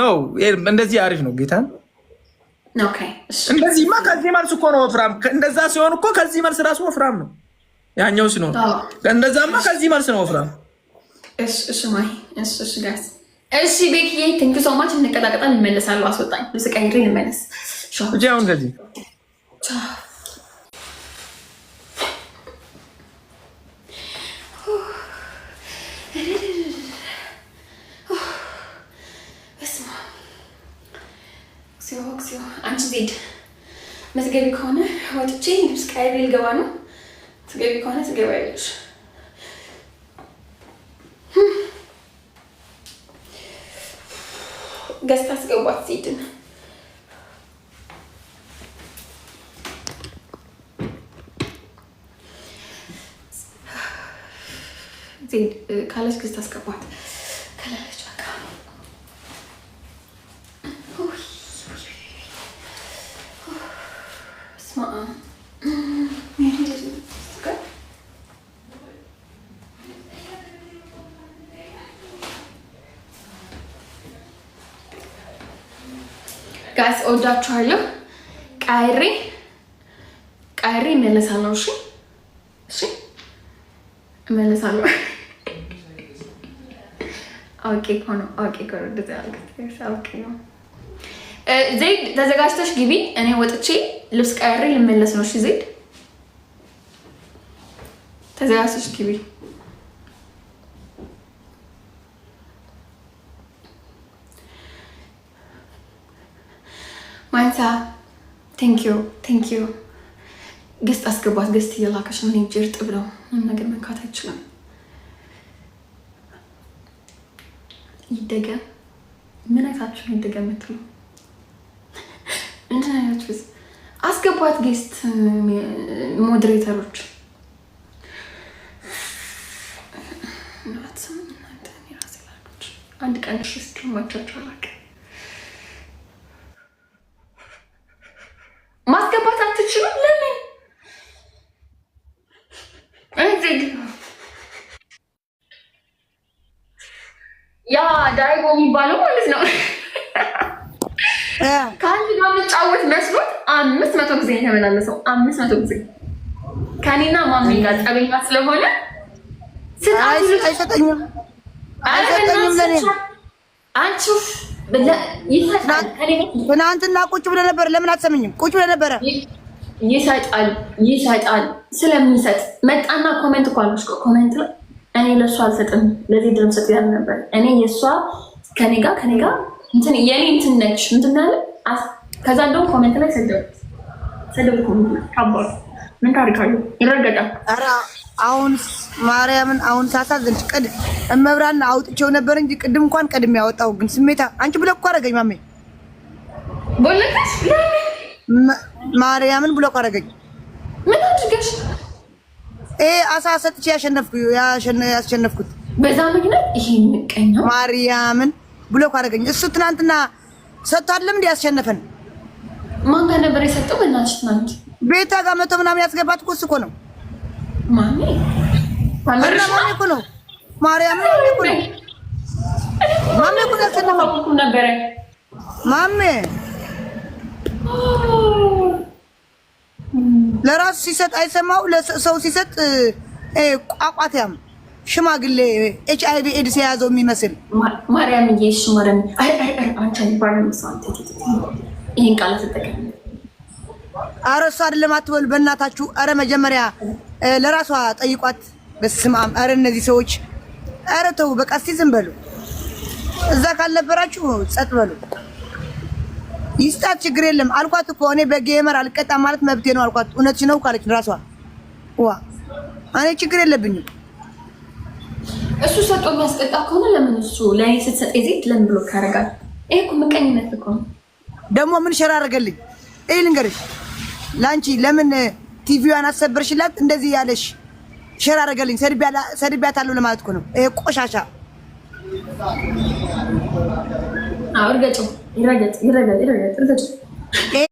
ነው እንደዚህ አሪፍ ነው ጌታ እንደዚህማ ከዚህ መልስ እኮ ነው ወፍራም እንደዛ ሲሆን እኮ ከዚህ መልስ ራሱ ወፍራም ነው ያኛው ሲሆን እንደዛማ ከዚህ መልስ ነው ወፍራም እሺ ቤኪዬ ትንክ ሶማች እንቀጣቀጣ እንመለሳለሁ አስወጣኝ ስቀይሬ እ ሁን እንደዚህ ሲሆ ሲሆ አንቺ ዜድ መትገቢ ከሆነ ወጥቼ ልብስ ቀይሬ ልገባ ነው። ትገቢ ከሆነ ትገባ ገዝታ አስገቧት ዜድን። ዜድ ካለች ገዝታ አስገቧት ካላለች ጋይስ እወዳችኋለሁ። ቀይሬ ቀይሬ እመለሳለሁ። እሺ እሺ፣ እመለሳለሁ። አውቄ እኮ ነው አውቄ እኮ ነው እንደዚያ አውቄ ነው። ዘይድ ተዘጋጅተሽ ግቢ። እኔ ወጥቼ ልብስ ቀያሬ ልመለስ ነው። እሺ ዘይድ ተዘጋጅተሽ ግቢ። ማንሳ ቴንክ ዩ ገስት አስገባት። ገስት እየላከች ነው። እኔ እርጥብ ብለው ምንም ነገር መንካት አይችልም። ይደገም ምን አይታችሁ ይደገም የምትለው እንደናያችሁት አስገባት ጌስት ሞዴሬተሮች አንድ ቀን ሽስቱ ማቻቸው ማስገባት አትችሉም። ለምን ያ ዳይጎ የሚባለው ማለት ነው የሚጫወት መስሎት አምስት መቶ ጊዜ የተመላለሰው አምስት መቶ ጊዜ ከኔና ማሚ ጋር ጠበኛ ስለሆነ አይሰጠኝም። ትናንትና ቁጭ ብለህ ነበረ። ለምን አትሰምኝም? ቁጭ ብለህ ነበረ። ይሰጣል ይሰጣል። ስለሚሰጥ መጣና ኮሜንት እኮ አልኩሽ። ኮሜንት እኔ ለእሷ አልሰጥም ለዚህ ድረምሰጥ ያል ነበር። እኔ የእሷ ከኔ ጋር ከኔ ጋር የኔ እንትን ነች ምትናለ ከዛ እንደውም ኮሜንት ላይ ሰደቡት ሰደቡት ታባሩ ምን ታሪካሉ ይረገጣል። ኧረ አሁን ማርያምን አሁን ሳሳዝን ቅድ እመብራን አውጥቼው ነበር እንጂ ቅድም እንኳን ቅድም ያወጣው ግን ስሜታ አንቺ ብሎ እኮ አደረገኝ። ማሜ ቦለቀሽ ማርያምን ብሎ እኮ አደረገኝ። ምን አድርገሽ? ይሄ አሳ ሰጥቼ ያሸነፍኩ ያሸነፍኩት በዛ ምክንያት ይሄ ምቀኛው ማርያምን ብሎ እኮ አደረገኝ። እሱ ትናንትና ሰጥቷልም እንዲ ያስሸነፈን ማን ጋር ነበር የሰጠው? በእናትሽ ትናንት ቤታ ጋር መቶ ምናምን ያስገባት እኮ እሱ እኮ ነው። ማሚ እኮ ነው ማርያም እኮ ነው ማሜ እኮ ያሰናፋኩም ነበረ ማሜ ለራሱ ሲሰጥ አይሰማው ለሰው ሲሰጥ ቋቋትያም ሽማግሌ ኤች አይ ቪ ኤድስ የያዘው የሚመስል ማርያም እየሽ ማርያም ይህን ቃል ተጠቀም። አረ እሱ አይደለም አትበሉ በእናታችሁ። አረ መጀመሪያ ለራሷ ጠይቋት። በስማም አረ እነዚህ ሰዎች አረ ተው በቃ እስቲ ዝም በሉ። እዛ ካልነበራችሁ ጸጥ በሉ። ይስጣት ችግር የለም አልኳት እኮ እኔ በጌመር አልቀጣ ማለት መብቴ ነው አልኳት። እውነት ነው ካለች ራሷ ዋ እኔ ችግር የለብኝም። እሱ ሰጦ የሚያስቀጣ ከሆነ ለምን እሱ ለእኔ ስትሰጠ ዜት ለምን ብሎ ካረጋል? ይሄ እኮ ምቀኝነት እኮ ነው። ደግሞ ምን ሸራ አደረገልኝ? ይህ ልንገርሽ፣ ለአንቺ ለምን ቲቪዋን አሰበርሽላት? እንደዚህ ያለሽ ሸራ አደረገልኝ። ሰድቢያታለሁ ለማለት እኮ ነው። ይሄ ቆሻሻ ይረገጥ ይረገጥ ይረገጥ ይረገጥ